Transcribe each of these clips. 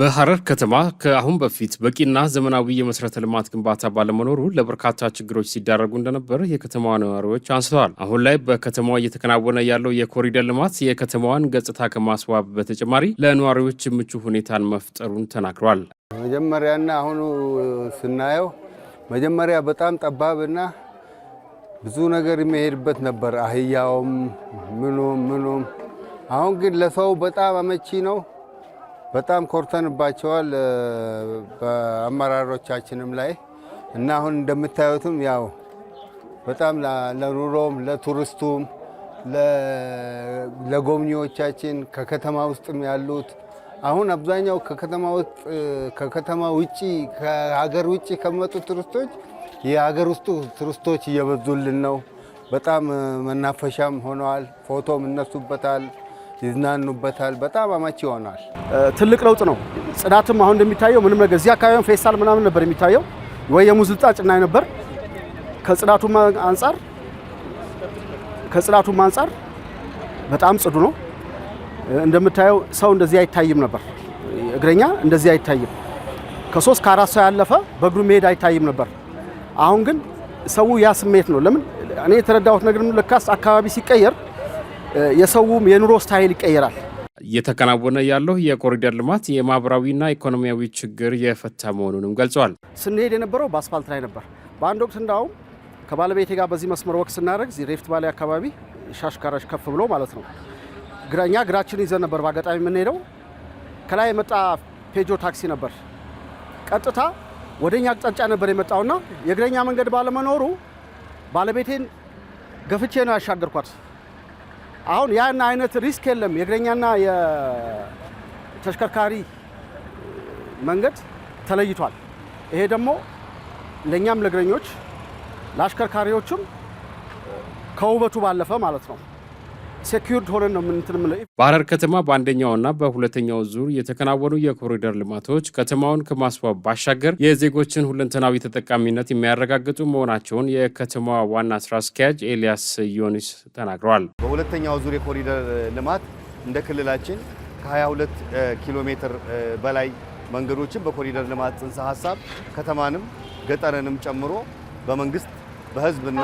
በሐረር ከተማ ከአሁን በፊት በቂና ዘመናዊ የመሰረተ ልማት ግንባታ ባለመኖሩ ለበርካታ ችግሮች ሲዳረጉ እንደነበር የከተማዋ ነዋሪዎች አንስተዋል። አሁን ላይ በከተማዋ እየተከናወነ ያለው የኮሪደር ልማት የከተማዋን ገጽታ ከማስዋብ በተጨማሪ ለነዋሪዎች ምቹ ሁኔታን መፍጠሩን ተናግሯል። መጀመሪያና አሁኑ ስናየው መጀመሪያ በጣም ጠባብና ብዙ ነገር የሚሄድበት ነበር፣ አህያውም ምኑም ምኑም። አሁን ግን ለሰው በጣም አመቺ ነው። በጣም ኮርተንባቸዋል በአመራሮቻችንም ላይ እና አሁን እንደምታዩትም ያው በጣም ለኑሮም ለቱሪስቱም ለጎብኚዎቻችን ከከተማ ውስጥም ያሉት አሁን አብዛኛው ከከተማ ውጭ ከሀገር ውጭ ከመጡ ቱሪስቶች የሀገር ውስጡ ቱሪስቶች እየበዙልን ነው። በጣም መናፈሻም ሆነዋል። ፎቶ ይነሱበታል። ይዝናኑበታል። በጣም አመቺ ይሆናል። ትልቅ ለውጥ ነው። ጽዳትም አሁን እንደሚታየው ምንም ነገር እዚህ አካባቢ ፌስታል ምናምን ነበር የሚታየው ወይ የሙዝ ልጣጭ እናይ ነበር። ከጽዳቱም አንጻር ከጽዳቱም አንጻር በጣም ጽዱ ነው። እንደምታየው ሰው እንደዚህ አይታይም ነበር። እግረኛ እንደዚህ አይታይም። ከሶስት ከአራት ሰው ያለፈ በእግሩ መሄድ አይታይም ነበር። አሁን ግን ሰው ያ ስሜት ነው። ለምን እኔ የተረዳሁት ነገር ልካስ አካባቢ ሲቀየር የሰውም የኑሮ ስታይል ይቀየራል። እየተከናወነ ያለው የኮሪደር ልማት የማህበራዊና ኢኮኖሚያዊ ችግር የፈታ መሆኑንም ገልጸዋል። ስንሄድ የነበረው በአስፋልት ላይ ነበር። በአንድ ወቅት እንዳውም ከባለቤቴ ጋር በዚህ መስመር ወቅት ስናደርግ ሬፍት ባሌ አካባቢ ሻሽ ካራሽ ከፍ ብሎ ማለት ነው እኛ እግራችን ይዘን ነበር። በአጋጣሚ የምንሄደው ከላይ የመጣ ፔጆ ታክሲ ነበር። ቀጥታ ወደኛ አቅጣጫ ነበር የመጣውና የእግረኛ መንገድ ባለመኖሩ ባለቤቴን ገፍቼ ነው ያሻገርኳት። አሁን ያን አይነት ሪስክ የለም። የእግረኛና የተሽከርካሪ መንገድ ተለይቷል። ይሄ ደግሞ ለእኛም ለእግረኞች ለአሽከርካሪዎችም ከውበቱ ባለፈ ማለት ነው ሴኪርድ ሆነን ነው ምንትን ምለ በሐረር ከተማ በአንደኛውና በሁለተኛው ዙር የተከናወኑ የኮሪደር ልማቶች ከተማውን ከማስዋብ ባሻገር የዜጎችን ሁለንተናዊ ተጠቃሚነት የሚያረጋግጡ መሆናቸውን የከተማዋ ዋና ስራ አስኪያጅ ኤልያስ ዮኒስ ተናግረዋል። በሁለተኛው ዙር የኮሪደር ልማት እንደ ክልላችን ከ22 ኪሎ ሜትር በላይ መንገዶችን በኮሪደር ልማት ጽንሰ ሀሳብ ከተማንም ገጠርንም ጨምሮ በመንግስት በህዝብና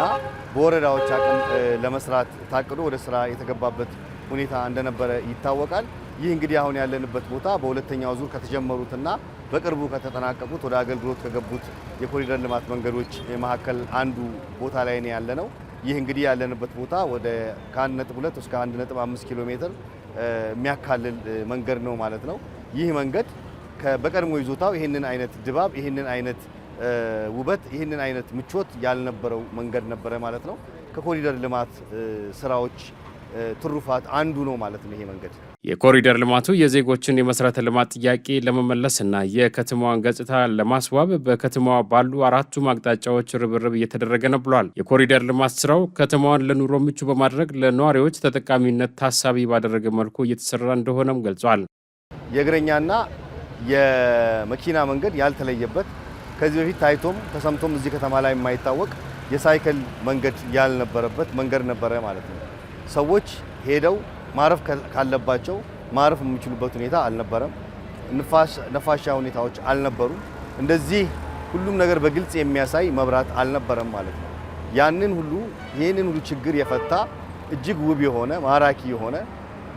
በወረዳዎች አቅም ለመስራት ታቅዶ ወደ ስራ የተገባበት ሁኔታ እንደነበረ ይታወቃል። ይህ እንግዲህ አሁን ያለንበት ቦታ በሁለተኛው ዙር ከተጀመሩትና በቅርቡ ከተጠናቀቁት ወደ አገልግሎት ከገቡት የኮሪደር ልማት መንገዶች መካከል አንዱ ቦታ ላይ ነው ያለ ነው። ይህ እንግዲህ ያለንበት ቦታ ወደ ከ1.2 እስከ 1.5 ኪሎ ሜትር የሚያካልል መንገድ ነው ማለት ነው። ይህ መንገድ በቀድሞ ይዞታው ይህንን አይነት ድባብ ይህንን አይነት ውበት ይህንን አይነት ምቾት ያልነበረው መንገድ ነበረ ማለት ነው። ከኮሪደር ልማት ስራዎች ትሩፋት አንዱ ነው ማለት ነው ይሄ መንገድ። የኮሪደር ልማቱ የዜጎችን የመሰረተ ልማት ጥያቄ ለመመለስ እና የከተማዋን ገጽታ ለማስዋብ በከተማዋ ባሉ አራቱም አቅጣጫዎች ርብርብ እየተደረገ ነው ብሏል። የኮሪደር ልማት ስራው ከተማዋን ለኑሮ ምቹ በማድረግ ለነዋሪዎች ተጠቃሚነት ታሳቢ ባደረገ መልኩ እየተሰራ እንደሆነም ገልጿል። የእግረኛና የመኪና መንገድ ያልተለየበት ከዚህ በፊት ታይቶም ተሰምቶም እዚህ ከተማ ላይ የማይታወቅ የሳይክል መንገድ ያልነበረበት መንገድ ነበረ ማለት ነው። ሰዎች ሄደው ማረፍ ካለባቸው ማረፍ የሚችሉበት ሁኔታ አልነበረም። ነፋሻ ሁኔታዎች አልነበሩም። እንደዚህ ሁሉም ነገር በግልጽ የሚያሳይ መብራት አልነበረም ማለት ነው። ያንን ሁሉ ይህንን ሁሉ ችግር የፈታ እጅግ ውብ የሆነ ማራኪ የሆነ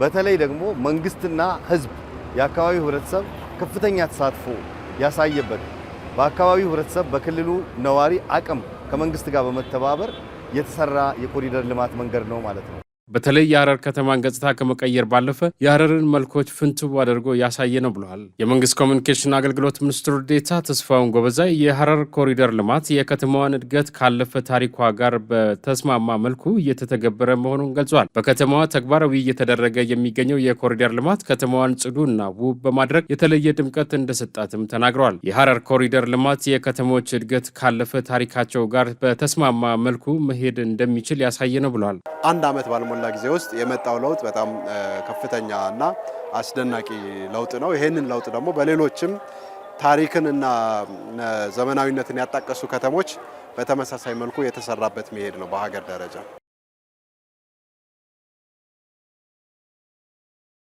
በተለይ ደግሞ መንግስትና ህዝብ የአካባቢው ህብረተሰብ ከፍተኛ ተሳትፎ ያሳየበት በአካባቢው ህብረተሰብ፣ በክልሉ ነዋሪ አቅም ከመንግስት ጋር በመተባበር የተሰራ የኮሪደር ልማት መንገድ ነው ማለት ነው። በተለይ የሐረር ከተማን ገጽታ ከመቀየር ባለፈ የሐረርን መልኮች ፍንትው አድርጎ ያሳየ ነው ብለዋል። የመንግስት ኮሚኒኬሽን አገልግሎት ሚኒስትር ዴታ ተስፋውን ጎበዛይ የሐረር ኮሪደር ልማት የከተማዋን እድገት ካለፈ ታሪኳ ጋር በተስማማ መልኩ እየተተገበረ መሆኑን ገልጿል። በከተማዋ ተግባራዊ እየተደረገ የሚገኘው የኮሪደር ልማት ከተማዋን ጽዱ እና ውብ በማድረግ የተለየ ድምቀት እንደሰጣትም ተናግረዋል። የሐረር ኮሪደር ልማት የከተሞች እድገት ካለፈ ታሪካቸው ጋር በተስማማ መልኩ መሄድ እንደሚችል ያሳየ ነው ብለዋል። አንድ ዓመት ባለሙ በሞላ ጊዜ ውስጥ የመጣው ለውጥ በጣም ከፍተኛ እና አስደናቂ ለውጥ ነው። ይሄንን ለውጥ ደግሞ በሌሎችም ታሪክን እና ዘመናዊነትን ያጣቀሱ ከተሞች በተመሳሳይ መልኩ የተሰራበት መሄድ ነው በሀገር ደረጃ።